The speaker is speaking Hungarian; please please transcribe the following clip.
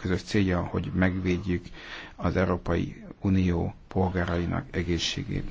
közös célja, hogy megvédjük az Európai Unió polgárainak egészségét.